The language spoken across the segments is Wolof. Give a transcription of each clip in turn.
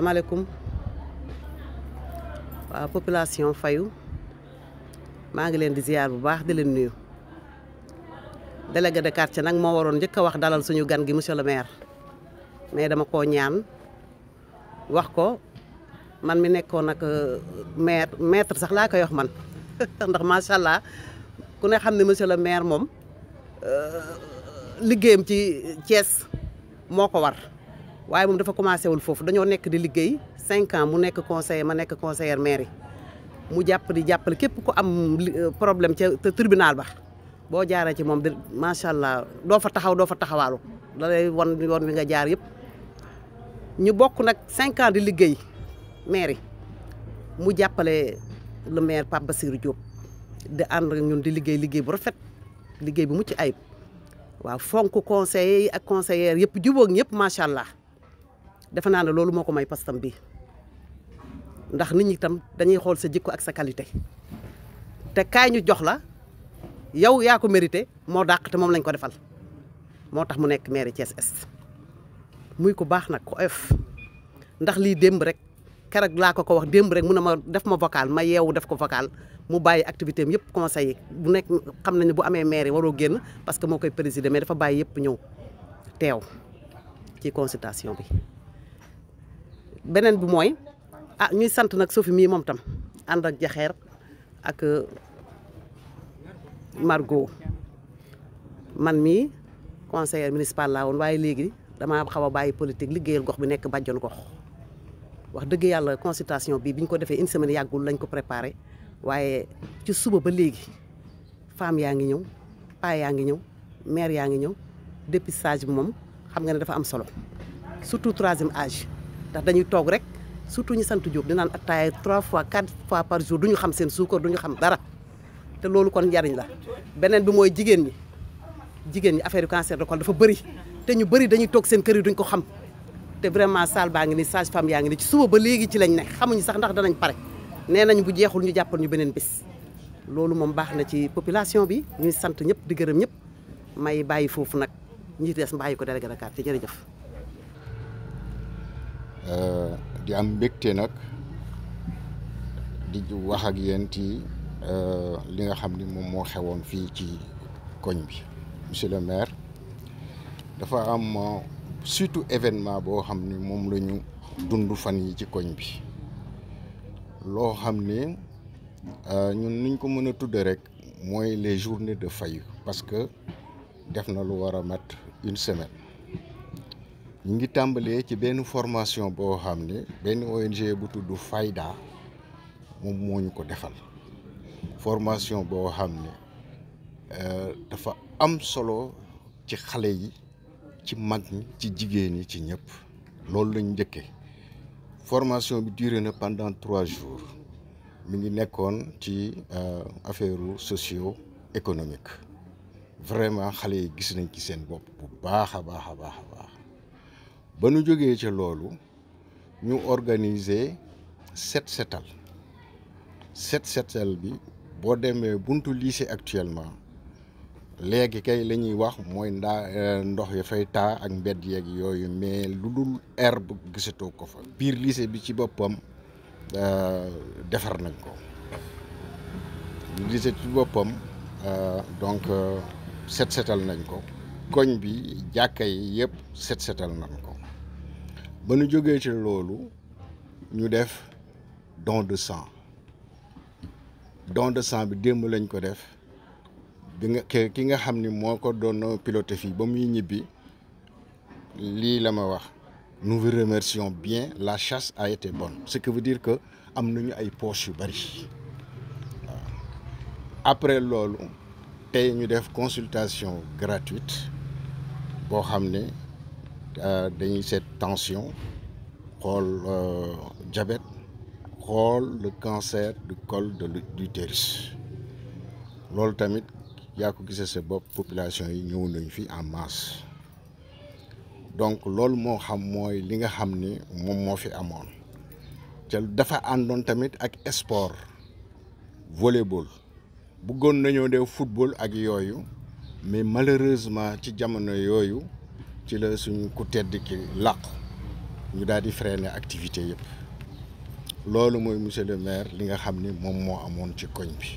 asalaamaaleykum waaw population fayou ma ngi len di ziar bu baax di len nuyu délégué de quartier nak mo waron jëk wax dalal suñu gan gi monsieur le maire mais dama ko ñaan wax ko man mi nekkoon nak euh, maire maître sax la koy wax man ndax ma sha allah ku ne xamni monsieur le maire mom euh liggéeyam ci Thiès moko war waaye moom dafa commencé wul foofu dañoo nekk di liggéey 5 ans mu nekk conseiller ma nekk conseillère mairie mu jàpp di jàppale képp ku am euh, problème ca tribunal ba boo jaaree ci moom di macha allah doo fa taxaw doo fa taxawaalu da lay won yoon wi nga jaar yëpp ñu bokk nag 5 ans di liggéey mairie mu jàppale le maire Pape Bassirou Diop di ànd ak ñun di liggéey liggéey bu rafet liggéey bu mucc ayib waaw fonk conseiller yi ak conseillères yëpp jubóog ñëpp macha allah defe naa ne loolu moo ko may pastam bi ndax nit ñi tam dañuy xool sa jikko ak sa qualité te kaay ñu jox la yow yaa ko mérité moo dàq te moom lañ ko defal moo tax mu nekk maire Thiès Est muy ko baax nag ko oyof ndax lii démb rek keroog laa ko ko wax démb rek mun na ma def ma vocal ma yeewu def ko vocal mu bàyyi activité am yëpp conseil yi bu nekk xam nañu bu amee maire waroo génn parce que moo koy présider mais dafa bàyyi yëpp ñëw teew ci consultation bi benen bu moy ah ñuy sant nak sofi mi mom tam and ak jaxer ak euh, Margot man mi conseiller municipal la won waye legui dama xawa baye politique liggeyal gox bi nek badjon gox wax deug yalla consultation bi biñ ko defé une semaine yagul lañ ko préparer waye ci suba ba legui femme yaa ngi ñëw paa yaa maire dépistage bi mom xam nga dafa am solo surtout troisième âge ndax dañuy toog rek surtout ñu sant Diop di naan attaaya trois fois quatre fois par jour duñu xam seen suukar duñu xam dara te loolu kon njariñ la beneen bi mooy jigéen ñi jigéen ñi affaire cancer de col dafa bëri te ñu bëri dañuy toog seen kër yi duñ ko xam te vraiment salle baa ngi ni sage femme yaa ngi ni ci suba ba léegi ci lañ ne xamuñu sax ndax danañ pare nee nañ bu jeexul ñu jàppal ñu beneen bis loolu moom baax na ci population bi ñuy sant ñëpp di gërëm ñëpp may bàyyi foofu nag ñi des mbàyyi ko délégué de quartier jërëjëf Euh, di am mbégte nak di wax ak yenti ci euh, li nga xamni mom mo moo fi ci koñ bi monsieur le maire dafa am euh, surtout événement bo xamni mom lañu la fan yi ci koñ bi lo xamni euh ñun niñ ko mëna a tudde rek moy les journées de fayu parce que def na lu wara mat une semaine ñu tambalé ci bénn formation bo xamné bénn ONG bu tuddu Fayda moom moo ko défal formation bo xamné euh dafa am solo ci xalé yi ci mag ni ci jigéen ci ñëpp loolu lañu jëkke formation bi duré na pendant trois jours mi ngi nekkoon ci euh, affaire socio économique vraiment xalé yi gis nañ ci seen bopp bu baaxa baaxa baaxa baax ba nu jógee loolu ñu organiser set setal set setal bi bo démé buntu lycée actuellement légui kay lañuy wax moy nda euh, ndox ya fay ta ak mbedd ak yoyu mais lu herbe gisatoo ko fa biir lycée bi ci euh defar nañ ko lycée ci euh donc euh, set setal nañ ko koñ bi jàkka yépp set setal nañ ko ba ñu joggé ci loolu ñu def don de sang don de sang bi démb lañ ko def bi nga ki nga xamni moko moo ko doon piloté ba muy ñibi li la wax nous vous remercions bien la chasse a été bonne ce qui veut dire que am nañu ay poche yu bari après loolu tay ñu def consultation gratuite bo xamné euh, dañuy cette tension le euh, diabète le cancer du col de l'utérus loolu tamit ko population en masse donc loolu mon xam linga li nga xam ni dafa andon tamit ak sport volleyball football ak mais malheureusement ci ci la suñu ku tedd ki làqu ñu daal di ne activité yëpp loolu mooy monsieur le maire li nga xam ni moom moo amoon ci koñ bi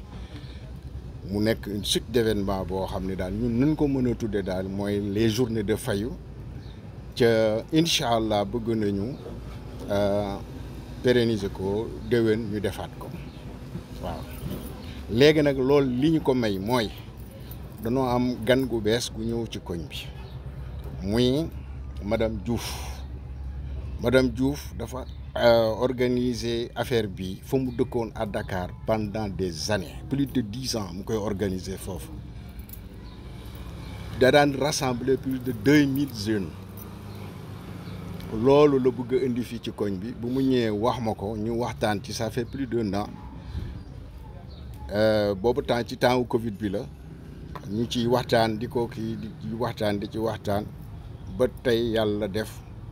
mu nekk suite d'événement boo xam ne daal ñun nañ ko mën a tuddee daal mooy les journées de fayu ca incha allah bëgg nañu euh, pérenniser ko déwén ñu defaat ko waaw léegi nag loolu li ñu ko may mooy danoo am gan gu bees gu ñëw ci koñ bi muy madame Diouf madame Diouf dafa euh, organiser affaire bi fa mu dëkkoon à Dakar pendant des années plus de 10 ans mu koy organiser foofu da daan rassembler plus de 2000 jeunes loolu la bëgg a indi fii ci koñ bi bu mu ñëwee wax ma ko ñu waxtaan ci ça fait plus d'un an euh, boobu temps ci temps wu Covid bi la ñu ciy waxtaan di ko kii di ci waxtaan di ci waxtaan. ba tey yàlla def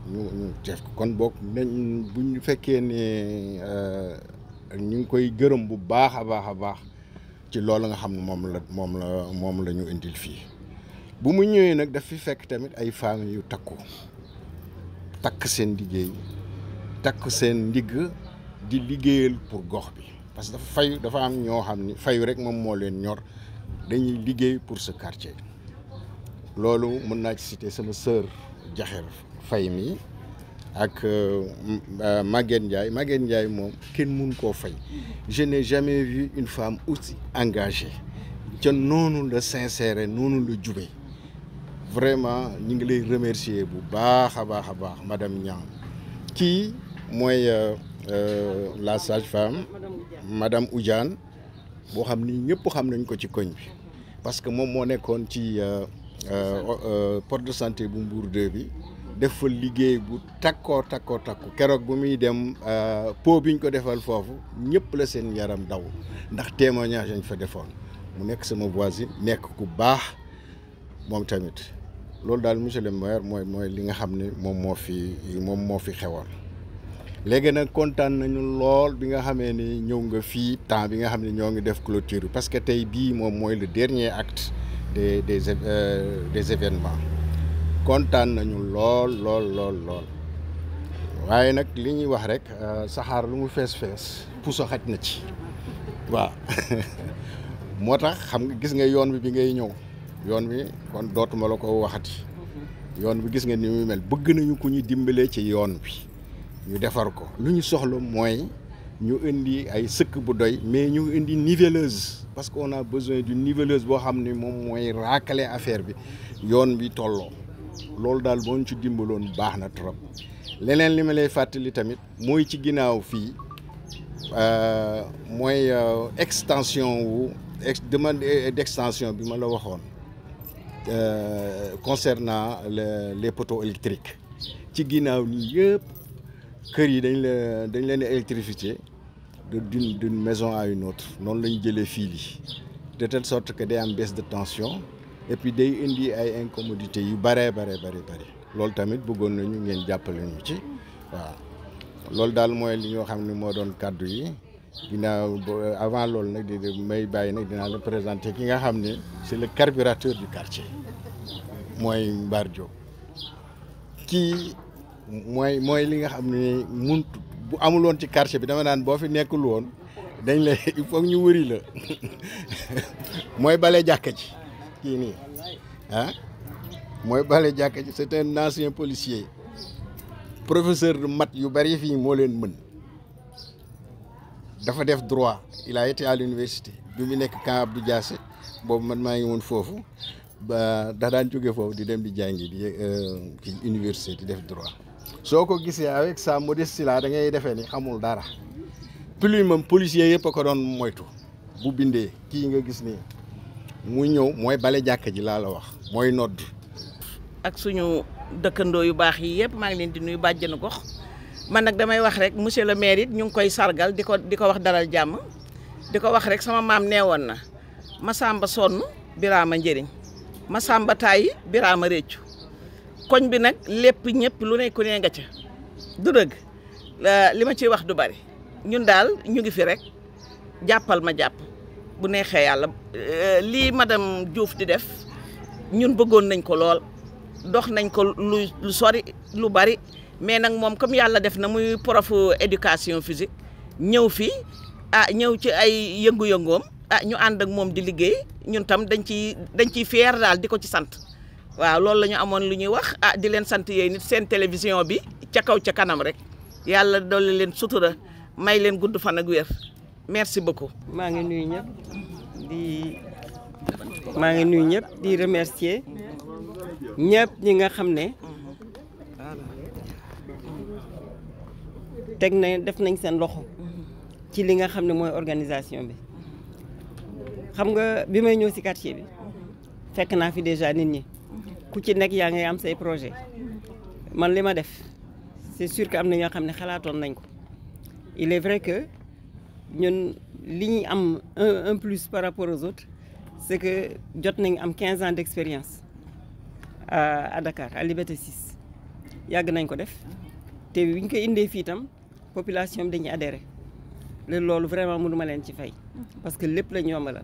ñu ñu def kon boog nañ bu ñu fekkee ne euh, ñu ngi koy gërëm bu baax a baax a baax ci loolu nga xam ne moom la moom la moom la ñu indil fii bu mu ñëwee nag daf fi fekk tamit ay famille yu takku takk seen liggéey takk seen ndigg di liggéeyal pour gox bi parce que dafa dafa am ñoo xam ni fayu rek moom moo leen ñor dañuy liggéey pour sa quartier loolu mën na ci citer sama sœur Diakher Faye ak euh, euh, magen Ndiaye magen Ndiaye mom kenn mun ko fay je n'ai jamais vu une femme aussi engagée ca noonu le sincère noonu la jube vraiment ñi ngi lay remercier bu baax a baax madame Niang kii mooy euh, la sage-femme madame Oudiane bo xamni ñepp xam nañ ko ci koñ bi parce que mom mo nekkoon ci. Euh, euh, poste de santé bu Mbour 2 bi def fa liggéey bu takkoo takkoo takku keroog bu muy dem euh, po biñ ko defal foofu ñëpp la seen yaram daw ndax témoignage lañ fa defoon mu nekk sama voisine nekk ku baax moom tamit loolu daal monsieur le mooy mooy li nga xam ne moom moo fi moom moo fi xewoon léegi nag kontaan nañu lool bi nga xamee ni ñëw nga fii temps bi nga xam ne ñoo ngi def clôture parce que tey bii moom mooy le dernier act des des euh, des événements kontaan nañu lool lool lool lool waaye nag li ñuy wax rek euh, saxaar lu mu fees fees puso xaj na ci waaw moo tax xam nga gis nga yoon bi bi ngay ñëw yoon bi kon dootuma la ko waxati yoon bi gis nga ni muy mel bëgg nañu ku ñu dimbalee ci yoon bi ñu defar ko lu ñu soxla mooy. ñu indi ay seuk bu doy mais ñu indi niveleuse parce qu'on a besoin d'une niveleuse bo xamni mom moy racler affaire bi yoon bi tolloo loolu dal boo ci dimbalon baxna trop lenen li ma lay fàttali tamit moy ci ginnaaw fii euh, mooy euh, extension ou ex demande euh, d'extension bima la waxone euh, concernant les poteaux électriques ci ginaaw ni yépp kër yi dañ la dañ leen électrifier d'une maison à une autre non la des filles. de telle sorte que des am baisse de tension et puis des indi ay incommodités yu baré baré baré baré l'ol tamit n'y nañu ngeen le ñu ci waaw lol daal mooy li ñoo xam ne doon avant l'ol nag de may bàyyi nag dinaa la présenter qui nga xam c'est le carburateur du quartier moi barjo qui moi moi mooy li nga bu amul woon ci quartier bi dama naan boo fi nekkul woon dañ lay il faut ñu wëri la moy balé jàkka ci ki ni hein ah? moy balé jàkka ci c'est un ancien policier professeur de maths yu bari fi mo leen mën dafa def droit il a été à l'université bi mi nek ka Abdou Diassé bobu man maa ngi woon foofu ba da daan joggé fofu di dem di jangi di euh ci université di def droit soo ko gisee avec sa modestie la da ngay defee ni xamul dara plume am policier yëpp a ko doon moytu bu bindee kii nga gis ni mu ñëw mooy bale jàkk ji laa la wax mooy nodd ak suñu dëkkandoo yu baax yi yëpp maa ngi leen di nuyu bàjjenu gox man nag damay wax rek monsieur le maire it ñu ngi koy sargal di ko di ko wax dalal jàmm di ko wax rek sama maam nee woon na Masamba sonn Birama njëriñ Masamba tàyyi Birama réccu koñ bi nag lépp ñëpp lu nekku ku nga ca du dëgg li ma ciy wax du bari ñun daal ñu ngi fi rek jàppal ma jàpp bu neexee yàlla euh, lii madame Diouf di def ñun bëggoon nañ ko lool dox nañ ko lu sori lu bari mais nag moom comme yàlla def na muy profu éducation physique ñëw fii ah ñëw ci ay yëngu-yëngoom ah ñu ànd ak moom di liggéey ñun tam dañ ciy dañ ciy fier daal di ko ci sant waaw loolu la ñu amoon lu ñuy wax ah di leen sant yooyu nit seen télévision bi ca kaw ca kanam rek yàlla dolli leen sutura may leen gudd fan ak wér merci beaucoup. maa ngi nuyu ñëpp di maa ngi nuyu ñëpp di remercier ñëpp ñi nga xam ne teg na def nañ seen loxo ci li nga xam ne mooy organisation bi xam nga bi may ñëw si quartier bi fekk naa fi déjà nit ñi. ku ci nekk yaa ngay am say projet man def c'est sûr que am na ñoo xam ne xalaatoon il est vrai que ñun avons am un plus par rapport aux autres c'est que jot nañ am 15 ans d'expérience à Dakar à Liberté 6 yàgg nañ ko def te bi ñu ko indee fii itam population bi dañuy adhéré loolu vraiment mënuma leen ci fay parce que lépp la ñu yombalal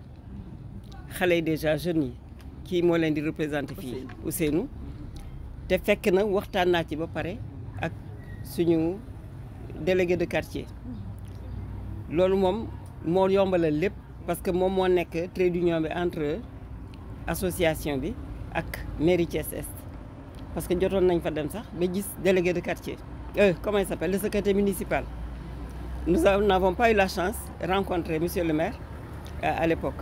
déjà jeunes qui fille ou c'est nous fii Ousseynou te fekk na waxtaan naa ci ba à ak suñu délégué de quartier loolu moi moo yombalal le parce que moi n'est que très d'union entre association bi ak mairie Thiès Est parce que d'autres nañ fa dem ça mais gis délégué de quartier euh, comment il s'appelle le secrétaire municipal nous n'avons pas eu la chance de rencontrer monsieur le maire euh, à l'époque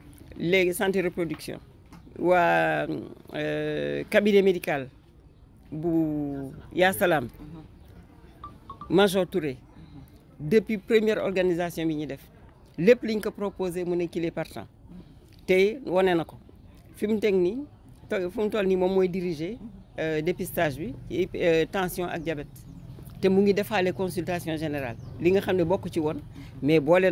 Les santé reproduction le euh, cabinet médical bu Major Touré depuis première organisation bi ñi def lepp liñ ko proposé mu partant n'ako, diriger euh, dépistage bi euh, tension ak diabète té mu ngi les consultation générale li nga mais bolé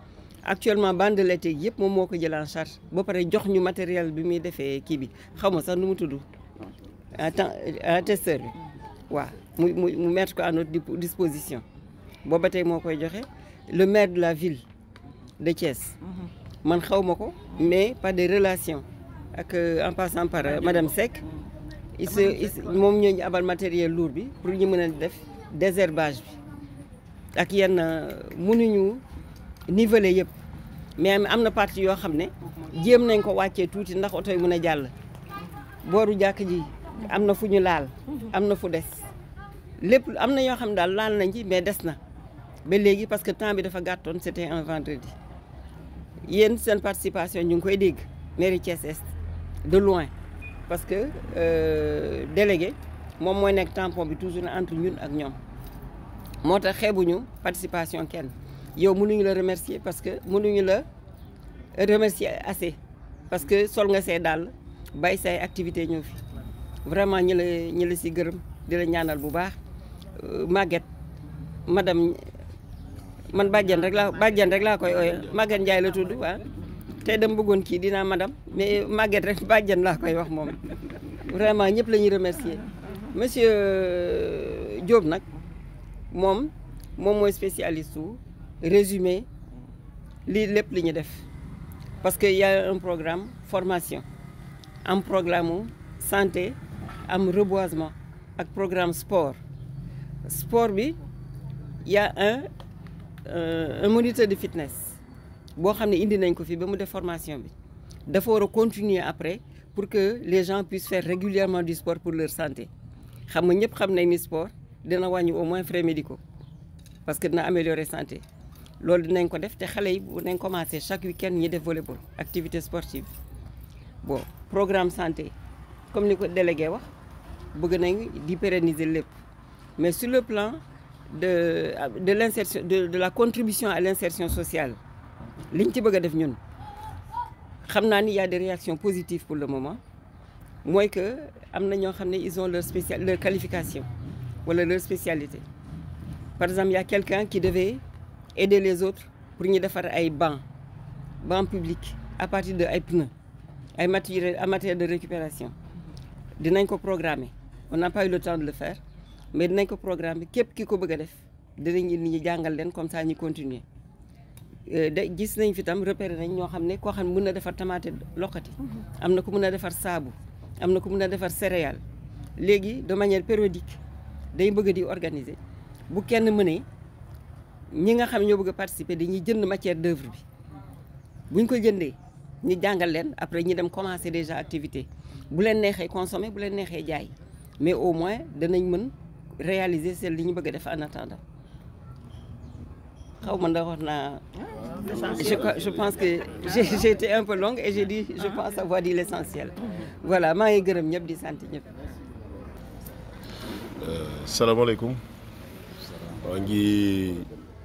actuellement bande de l'été yëpp moom moo jël en charge ba paré jox ñu matériel bi mi défé ki bi xam nga sax nu mu tudd attends testeur wa mu mu mettre ko à notre disposition booba tey moo koy joxe le maire de la ville de Thiès. Mhm. man xawmako mais par des relations ak euh, en passant par euh, madame sec il se moom ñu abal matériel lourd bi pour ñu mëna def désherbage bi ak yenn euh, mënuñu nivelé yépp mais am na parti yoo xam ne jéem nañ ko wàccee tuuti ndax oto yi mën a jàll booru jàkk ji am na fu ñu laal am na fu des lépp am na yoo xam ne daal laal nañ ci mais des na ba léegi parce que temps bi dafa gàttoon c'était un vendredi yéen seen participation ñu ngi koy dégg mairie Thiès Est de loin parce que euh, délégué moom mooy nekk tampon bi toujours entre ñun ak ñoom moo tax xeebuñu participation kenn yow mënuñu la remercier parce que mënuñu la remercier assez parce que sol nga sé dal bay say activité ñu fi vraiment ñi la ñi la ci gërëm di la ñaanal bu baax euh, Maguette madame man bagian rek la regla rek la koy ooye Maguette ndjay la tuddu wa tay dem bëggoon maget dina madame mais Maguette rek bàjjen la koy wax mom vraiment ñëpp lañuy remercier monsieur euh, Diop nak mom mom moy spécialiste Résumé, les lépp parce qu'il y a un programme formation un programme santé un reboisement un programme sport sport il y a un euh, un moniteur de fitness il xamné indi formation bi dafa continuer après pour que les gens puissent faire régulièrement du sport pour leur santé xam nga ñep xam nañ ni sport dina wañu au moins frais médicaux parce que dina améliorer santé loolu dinañ ko def te xale yi bu nañ commencé chaque week-end ñi def volleyball activité sportive bon programme santé comme ni ko délégué wax bëgg nañ di lépp mais sur le plan de de l'insertion de la contribution à l'insertion sociale liñ ci bëgg a def ñun xam naa ni y a des réactions positives pour le moment mooy que am na ñoo ils ont leur spécial leur qualification wala leur spécialité par exemple il y a quelqu'un qui devait aider les autres pour ñu faire ay bancs bancs publics à partir de ay pneus ay matériels en matière de récupération dinañ ko programmer on n'a pas eu le temps de le faire mais dinañ ko programmer képp ki ko bëgg a def faire. nit ñi jàngal leen comme ça ñu continuer euh, da gis nañ fi tam repéré nañ ñoo xam ne koo xam ne mën na defar tamaate lokati am na ko mën a defar saabu ko de manière périodique day bëgg di organiser bu kenn ñi nga xam ñoo bëgg participer dañuy jënd matière d'œuvre bi buñ ko jëndee ñu jàngal leen après ñi dem commencer déjà activité bu leen neexee consommer bu leen neexee jaay mais au moins danañ mën réaliser celle li ñu bëgg a def en attendant xaw ma ndax wax naa. je je pense que j'ai été un peu longue et j'ai dit je pense avoir dit l'essentiel. voilà maa ngi gërëm ñëpp di sant ñëpp. Euh, salaamaaleykum. maa ngi.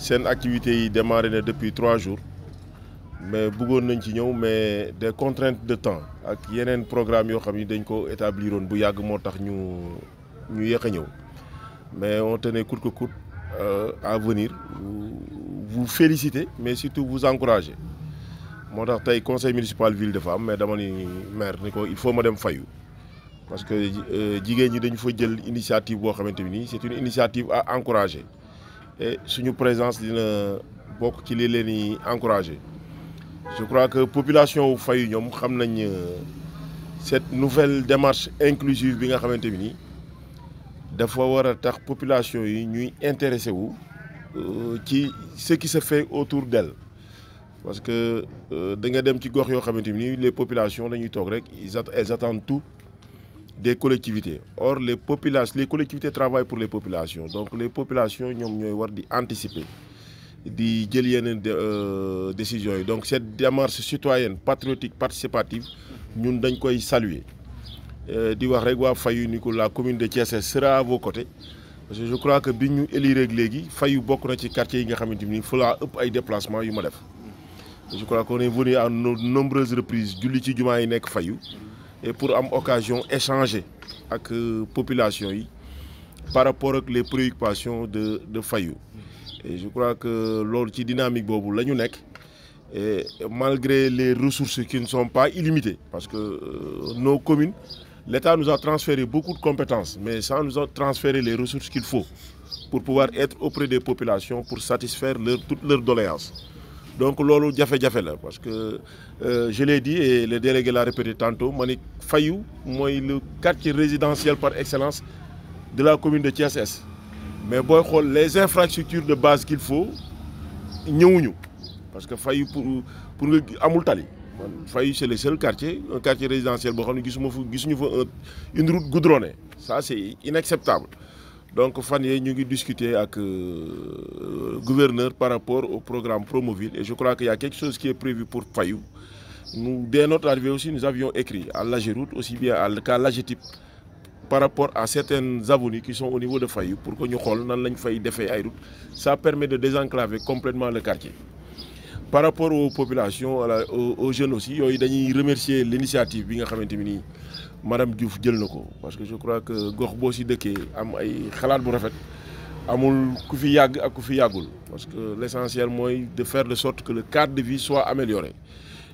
Cette activité, a démarré depuis trois jours mais il y a mais des contraintes de temps Il y a un programme qui dañ ko établi bu yàgg nous, tax ñu ñu mais on tenait court que euh, à venir vous féliciter mais surtout vous encourager Je suis tey conseil municipal ville de femme mais dama ni maire il faut ma dem fayu parce que euh, jigéen ñi dañu fa jël initiative c'est une initiative à encourager et une présence qui beaucoup ci les je crois que la population fay ñom xam nañ euh, cette nouvelle démarche inclusive bi nga xamante bi nii dafa wara tax population yi ñuy intéressé euh, ce qui se fait autour d'elle parce que euh, de nga dem ci gox yo les populations dañuy ils attendent tout des collectivités. Or, les, populations, les collectivités travaillent pour les populations. Donc, les populations, nous devons anticiper, des euh, décisions. Donc, cette démarche citoyenne, patriotique, participative, nous devons saluer. Euh, la commune de Thiès sera à vos côtés. je crois que si nous élirons les Fayou beaucoup dans les quartiers, il faut des déplacements. Je crois qu'on est venu à nombreuses reprises du du Maïnek Fayou et pour l'occasion occasion échanger la euh, population par rapport aux préoccupations de Fayou et je crois que lors dynamique la et malgré les ressources qui ne sont pas illimitées parce que euh, nos communes l'État nous a transféré beaucoup de compétences mais sans nous a transféré les ressources qu'il faut pour pouvoir être auprès des populations pour satisfaire toutes leurs doléances donc parce que euh, je l'ai dit et le délégué l'a répété tantôt FAYOU Fayou, le quartier résidentiel par excellence de la commune de Thiassès. mais les infrastructures de base qu'il faut ñëwuñu parce que FAYOU, pour pour tali c'est le seul quartier un quartier résidentiel une route goudronnée ça c'est inacceptable donc fanny, nous avons discuté avec euh, gouverneur par rapport au programme Promoville et je crois qu'il y a quelque chose qui est prévu pour Fayou nous dès notre arrivée aussi nous avions écrit à l'Ageroute aussi bien qu'à l'AGETIP par rapport à certains abonnés qui sont au niveau de Fayou pour que nous xool nan lañ fay ça permet de désenclaver complètement le quartier par rapport aux populations aux, jeunes aussi je dañuy remercier l'initiative de Mme Diouf parce que je crois que gox aussi si Ké, am ay parce que l'essentiel est de faire de sorte que le cadre de vie soit amélioré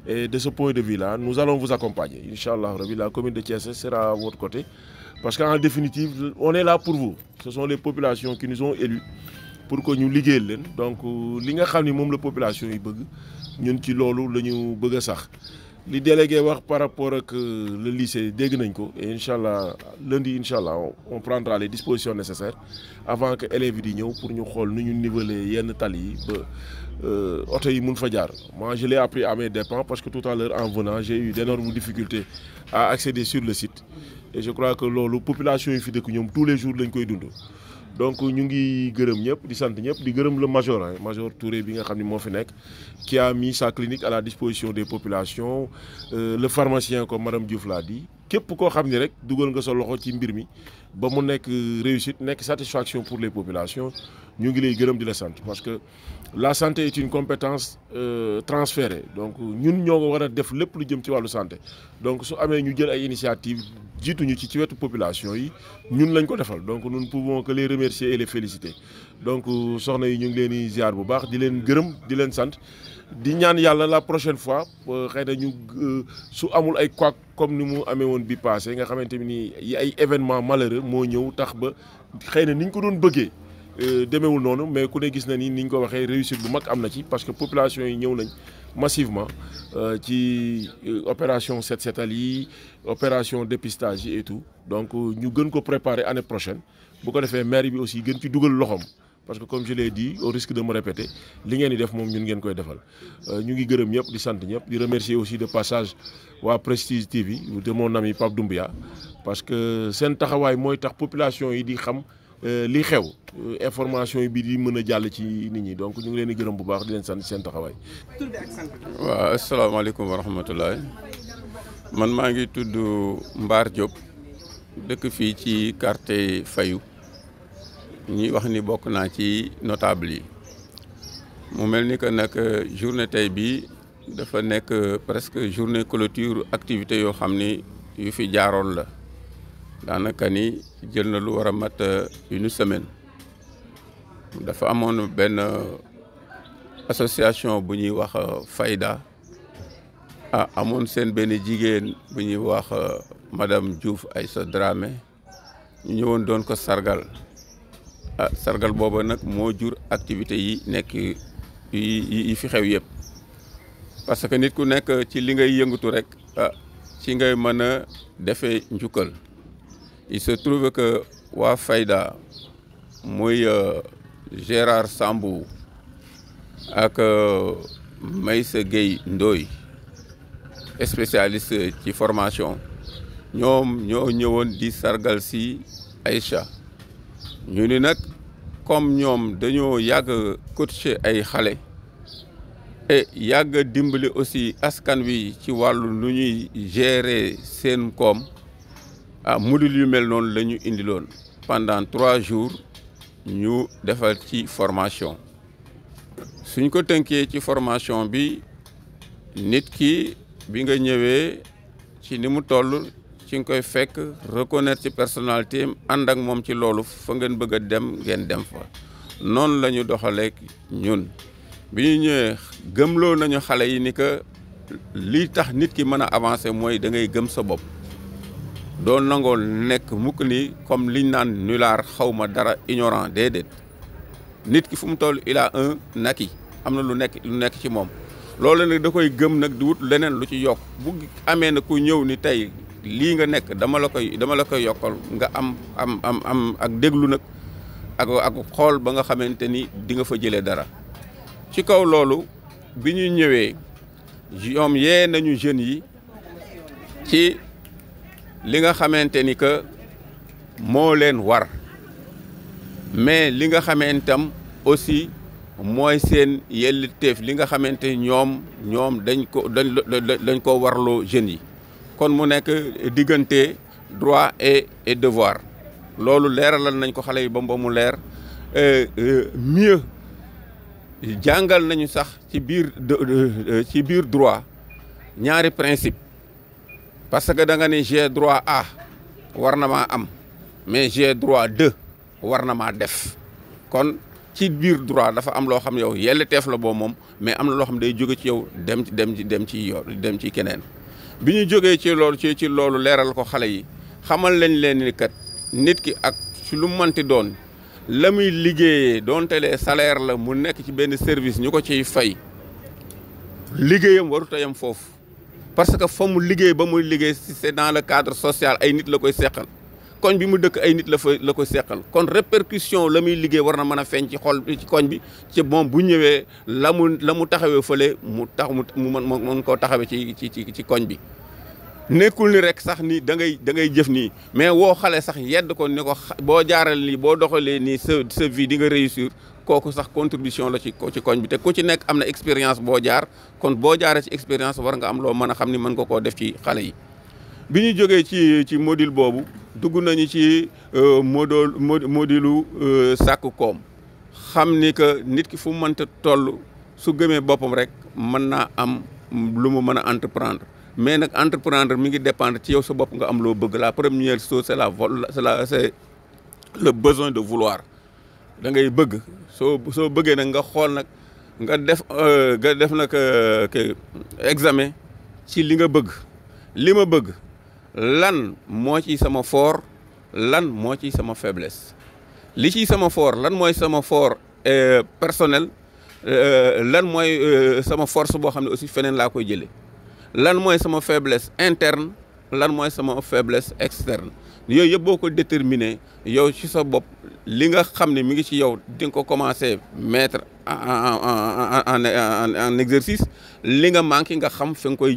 et de ce point de vue là nous allons vous accompagner Inch'Allah, la commune de Thiès sera à votre côté parce qu'en définitive on est là pour vous ce sont les populations qui nous ont élus pour que nous liggéeyal donc li que nous la population yi bëgg ñun ci que nous ñu bëgg a sax li par rapport que euh, le lycée dégg nañ et lundi on prendra les dispositions nécessaires avant que élèves yi pour nous xool ñu niveler yenn tali yi euh, moi je l'ai appris à mes dépens parce que tout à l'heure en venant j'ai eu d'énormes difficultés à accéder sur le site et je crois que la population est fi que nous, tous les jours lañ donc nous avons gërëm ñëpp di sant le major hein, major Touré bi qui a mis sa clinique à la disposition des populations euh, le pharmacien comme madame Diouf l'a dit képp koo xam ni rek dugal nga sa loxo ci mbir ba mu nekk réussite nekk satisfaction pour les populations ñu ngi lay gërëm di la sant parce que la santé est une compétence euh, transférée donc ñun ñoo ko war a def lépp lu jëm ci wàllu santé donc su amee ñu jël ay initiative jiituñu ci ci wetu population yi ñun lañ ko defal donc nous ne pouvons que les remercier et les féliciter donc euh, soxna yi ñu ngi leen di ziar bu baax di leen gërëm di leen sant di ñaan yalla la prochaine fois euh, xeyna ñu euh, su amul ay couac comme ni mu amé won bi passé nga xamanteni yi ay événement malheureux mo ñëw tax ba xeyna niñ ko doon bëggee euh, demeewul noonu mais ku ne gis na ni niñ ko waxé réussite bu mag amna ci parce que population yi ñëw nañ massivement ci opération set setal yi opération dépistage et tout donc ñu gën ko préparer année prochaine bu ko défé maire bi aussi gën ci duggal loxom parce que comme je l'ai dit au risque de me répéter li ngeen di def mom ñun ngeen koy defal euh, ñu ngi gërëm ñëpp di sant ñëpp di remercier aussi de passage Wa Prestige TV de mon ami Pape Doumbia parce que sen taxaway moy tax population yi di xam euh, li xew euh, information yi bi di mëna jall ci nit ñi donc ñu ngi leen di gërëm bu baax di leen sant taxaway wa waaw asalaamaaleykum wa rahmatullah. man maa ngi tudd Mbar Diop dëkk fii ci quartier Fayou. Nous avons ni bokk naa ci notable yi mu que euh, journée tey bi dafa euh, presque journée clôture activité yoo xam yu fi la ni euh, une semaine dafa association bu ñuy wax Fayda ah amoon seen benn jigéen bu ñuy madame Diouf Aïssa Dramé sargal ah, sargal booba nag moo jur activité yi nekk yi fi xew yëpp parce que nit ku nekk ci li ngay yëngatu rek ah ci ngay mën a defee njukkal il se trouve que waa Fayda muy euh, Gérard Sambou ak euh, Maïssa Gay ndoy spécialiste ci formation ñoom ñoo ñëwoon di sargal si Aïcha ñu ni nag comme ñoom dañoo yàgg a ay xale et yàgg dimbali aussi askan wi ci wàllu lu ñuy gérer seen koom a ah, module yu mel noonu la ñu indiloon pendant trois jours ñu defal ci formation suñ ko tënkee ci formation bi nit ki bi nga ñëwee ci ni mu toll ci nga koy fekk reconnaître ci personnalité and ak mom ci lolu fa ngeen bëgg dem ngeen dem fa non lañu doxale ñun bi ñu ñëwee nañu xalé yi ni que li tax nit ki mën avancer moy da ngay gëm sa bop do nangoo nek mukk ni comme liñ naan nulaar xawma dara ignorant dedet nit ki fu mu toll il a un naki amna lu nek lu nek ci mom loolu nak da koy gëm nak di wut leneen lu ci yok bu amé na ku ñëw ni tay lii nga nekk dama la koy dama la koy yokkal nga am am am am ak déglu nag ak ak xool ba nga xamante ni di nga fa jëlee dara ci kaw loolu bi ñu ñëwee ñoom yee nañu jeunes yi ci li nga xamante ni que moo leen war mais li nga xamantam aussi mooy seen yelliteef li nga xamante ni ñoom ñoom dañ ko dañ dañ ko warloo jeunes yi kon mu nekk diggante droit et et devoir loolu leeralal nañ ko xale yi euh, euh, mieux jàngal nañu sax ci biir euh, ci le droit ñaari principe parce que da nga droit à war am mais j'ai droit de war def kon ci droit dafa am loo xam yow mais am na loo xam day ci yow dem dem dem dem bi ñu jógee ci loolu ci ci loolu leeral ko xale yi xamal lañ leen ni kat nit ki ak ci lu manti doon la muy liggéeyee doonte lee salaire la mu nekk ci benn service ñu ko ciy fay liggéeyam warut a foofu parce que fa mu liggéey ba muy liggéey si c'est dans le cadre social ay nit la koy seqal koñ bi mu dëkk ay nit la fa la ko seqal kon répercussion la muy liggéey war na mën a feeñ ci xol ci koñ bi ci moom bu ñëwee la mu la mu taxawee fële mu tax mu mu mën koo taxawee ci ci ci ci koñ bi. nekkul ni rek sax ni da ngay da ngay jëf nii mais woo xale sax yedd ko ni ko boo jaaral lii boo doxalee nii sa sa vie di nga réussir kooku sax contribution la ci ci koñ bi te ku ci nekk am na expérience boo jaar kon boo jaaree ci expérience war nga am loo mën a xam ni mën nga koo def ci xale yi. bi ñu jógee ci ci module boobu. dugg nañu ci euh, modol modilu euh, sàkku koom xam ni que nit ki fu mu mënta toll su gëmee boppam rek mën naa am lu mu mën a entreprendre mais nag entreprendre mi ngi dépendre ci yow su bopp nga am loo bëgg la première chose c'est la vol c'est la c'est le besoin de vouloir da ngay bëgg soo soo bëggee nag nga xool nag nga def euh, nga def nag examen ci li nga bëgg li ma bëgg lan moo ci sama fort lan moo ci sama faiblesse li ci sama fort lan mooy sama fort euh, personnel euh, lan mooy euh, sama force boo xam ne aussi feneen la koy jëlee lan mooy sama faiblesse interne lan mooy sama faiblesse externe yooyu yëpp boo ko déterminer yow ci sa bopp li nga xam ne mi ngi ci yow di ko commencer mettre en en en en en exercice li nga linga nga xam fi koy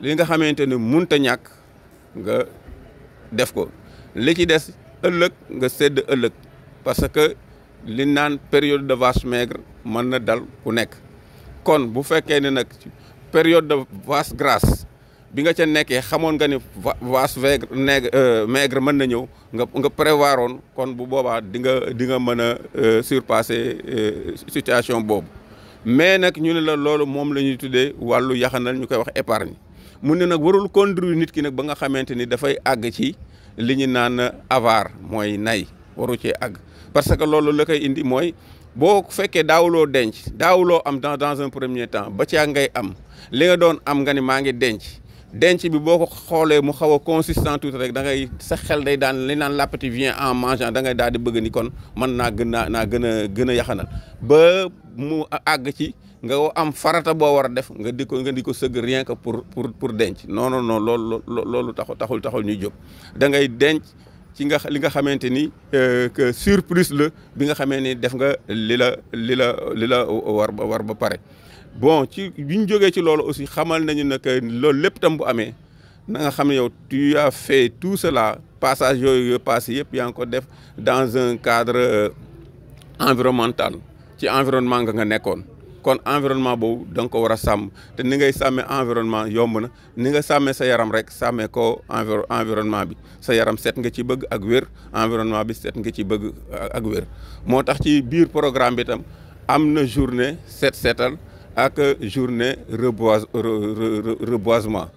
li nga xamante ne munta ñàkk nga def ko li ci des ëllëg nga sedd ëllëg parce que li naan période de vache maigre mën na dal ku nekk kon bu fekkee ne nag période de vache grasse bi nga ca nekkee xamoon nga ni vache maigre euh, maigre mën na ñëw nga nga prévoir kon bu boobaa di nga di nga mën a euh, surpasser euh, situation boobu mais nag ñu ne la loolu moom la ñuy tuddee wàllu yaxanal ñu koy wax épargne mu ne nag warul conduire nit ki nag ba nga xamante ni dafay àgg ci li ñu naan avare mooy nay waru cee àgg parce que loolu la koy indi mooy boo fekkee daawuloo denc daawuloo am dans dans un premier temps ba caa ngay am li nga doon am nga ni maa ngi denc denc bi boo ko xoolee mu xaw a consistant tuuti rek da ngay sa xel day daan li naan l'appétit vient en mangeant da ngay daal di bëgg ni kon man naa gën naa naa gën a gën a yaxanal ba mu àgg ci nga am farata boo war a def nga di ko nga di ko sëgg rien que pour pour pour denc non non non loolu loolu taxul taxul taxul ñuy jóg da ngay denc ci nga li nga xamante ni euh, que surplus la bi nga xamee ni def nga li la li la li la war ba war ba pare. bon ci bi ñu jógee ci loolu aussi xamal nañu ne que loolu lépp tam bu amee na nga xam yow tu as fait tout cela passage yooyu passé yëpp yaa ngi ko def dans un cadre euh, environnemental ci environnement nga nga nekkoon. kon environnement donc, on ko a environnement yomb ni nga de sa yaram rek ko environnement bi sa yaram set nga ci environnement bi set nga ci bëgg ak ci programme bi tam journée set journée reboisement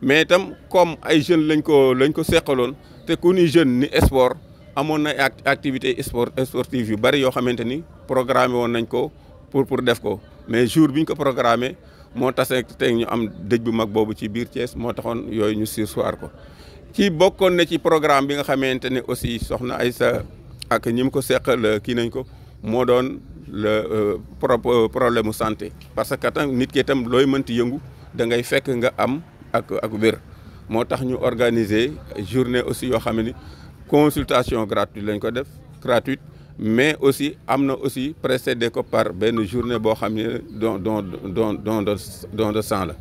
mais comme ay jeunes lañ ko lañ ko te ku ni jeune ni amone activité sport sportive yu bari yo xamante ni programmé woon nañ ko pour pour def ko mais jour biñ ko programmé mo tassé tey ñu am dëj bu mag bobu ci biir Thiès mo taxone yoy ñu sursoir ko. ci bokkoon na ci programme bi nga xamanteni ne aussi soxna Aïssa ak ñim ko sékkal euh, ki nañ ko mo doon le euh, euh, problème santé. parce que tam nit ki tam loy mënti yëngu da ngay fekk nga am ak ak wér moo tax ñu organiser journée aussi yo xamanteni consultation gratuite lañ gratuite mais aussi amna aussi précédé par une journée dans le sang la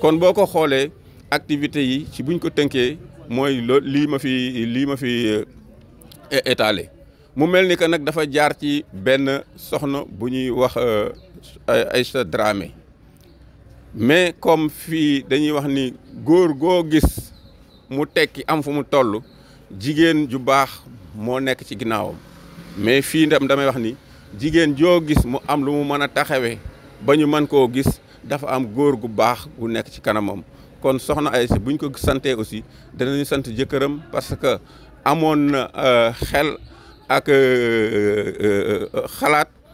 kon boko xolé activité yi ci buñ ko ma euh, étalé mu que euh, mais comme vous dañuy wax ni gis mu am jigéen ju baax moo nekk ci ginnaawam mais fii ndam damay wax ni jigéen joo gis mu am lu mu mën a taxawee ba ñu mën koo gis dafa am góor gu baax gu nekk ci kanamam kon soxna Aïssa buñ ko santee aussi danañu sant jëkkëram parce que amoon na euh, xel ak euh, euh, xalaat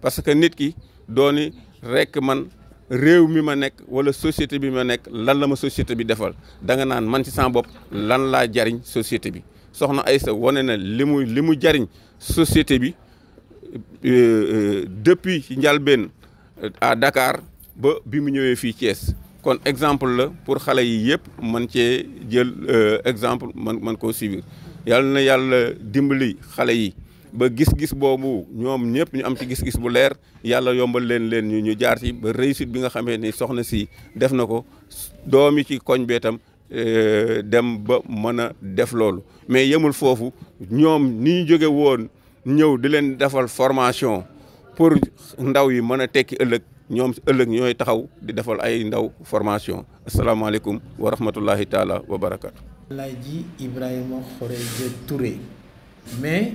parce que nit ki doni rek man réew mi ma nek wala société bi ma nek lan la ma société bi defal da nga nan man ci sama bopp lan la jariñ société bi soxna Aïssa wane na limu mu jariñ société bi euh, euh, depuis ci njalbeen euh, à Dakar ba bi mu ñëwé fi Thiès kon exemple la pour xalé yi yépp man ci jël exemple man man ko suivre yàlla na yalla dimbali xalé yi ba gis-gis boobu ñoom ñëpp ñu am ci gis-gis bu leer yàlla yombal leen leen ñu ñu jaar ci ba réussite bi nga xamee ni soxna si def na ko doom yi ci koñ bee tam euh, dem ba mën a def loolu mais yemul foofu ñoom ni ñu jóge woon ñëw di leen defal formation pour ndaw yi mën a tekki ëllëg ñoom si ëllëg ñooy taxaw di defal ay ndaw formation asalaamaaleykum wa rahmatullahi taala wa barakatu. Alaaji Ibrahima Khoreja Touré mais.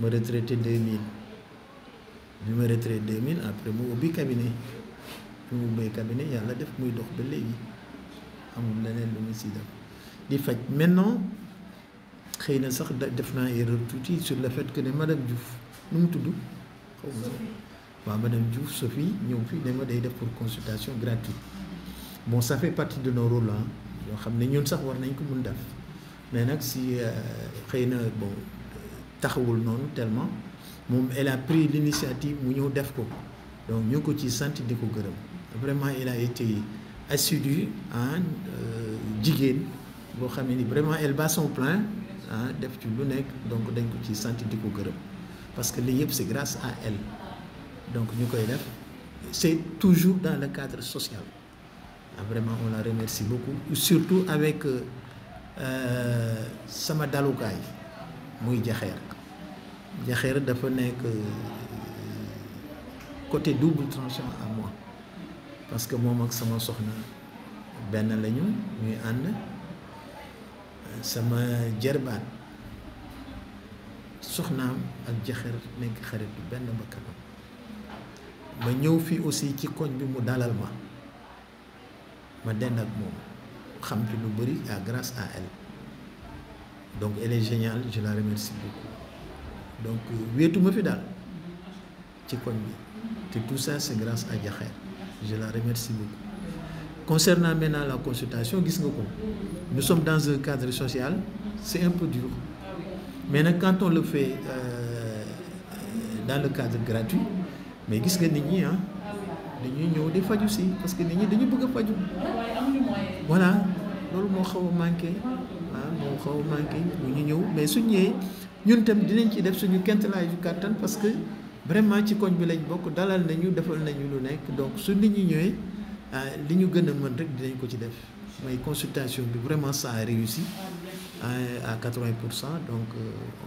ma retraité 2000 bi ma retraité 2000 après mu ubbi cabinet bi mu ubbee cabinet yàlla def muy dox ba léegi amul leneen lu ma si def di faj maintenant xëy na sax def naa erreur tuuti sur le fait que les madame Diouf nous mu tudd xaw madame Diouf Sophie nous fii ne ma day def pour consultation gratuite bon ça fait partie de nos rôles hein, yoo xam ne ñun sax war nañ ko mun def mais nag si euh, xëy na bon taxawul noonu tellement mom elle a pris l'initiative mu ñeu def ko donc ñu ko ci sant diko vraiment il a été assidu ah hein, euh, jigéen boo xam ni vraiment elle bat son plein hein def ci lu nekk donc dañ ko ci sant diko gërëm parce que li yépp c'est grâce à elle donc ñu koy def c'est toujours dans le cadre social ah, vraiment on la remercie beaucoup surtout avec euh, euh, sama dalukaay muy jaxer je dafa nekk euh, côté double tranchant à moi parce que moi ak sama soxna benn lañu ñuy Je euh, sama ma ñëw aussi ci koñ bi ma ma xam fi à grâce à elle donc elle est géniale je la remercie beaucoup donc oui, tout me tout ça c'est grâce à Diakher je la remercie beaucoup concernant maintenant la consultation nous sommes dans un cadre social c'est un peu dur Maintenant, quand on le fait euh, dans le cadre gratuit mais nga ah, parce que nous dañu bëgg voilà nous manqué ah, nous, ñun tam dinañ ci def suñu kéemtalaay yu kàttan parce que vraiment ci koñ bi lañ bokk dalal nañu defal nañu lu nekk donc su nit ñi ñëwee ah, li ñu gën a mën rek dinañ ko ci def mais consultation bi vraiment ça a réussi ah, à 80 pour cent donc euh,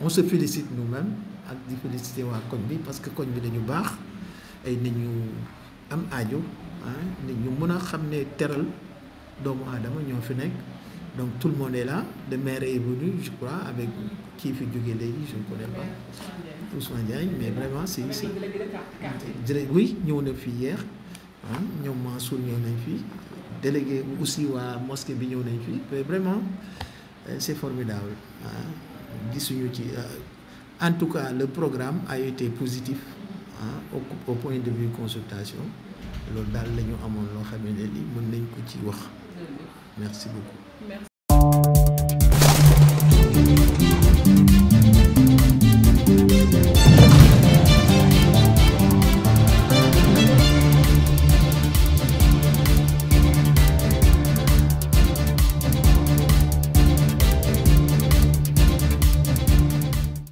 on on se félicite nous-mêmes ak di féliciter waa koñ bi parce que koñ bi dañu baax ay nit ñu am aajo ah nit ñu mën a xam ne teral doomu aadama ñoo fi nekk. Donc tout le monde est là. Le maire est venu, je crois, avec qui fait je ne connais pas. Ousmane Diagne, mais vraiment, c'est ici. Oui, nous sommes fait hier. Nous ah, sommes Mansour, nous on fait. Délégué aussi à mosquée, nous on Mais vraiment, euh, c'est formidable. Ah. Euh, en tout cas, le programme a été positif ah, au point de vue consultation. la consultation. merci beaucoup Merci.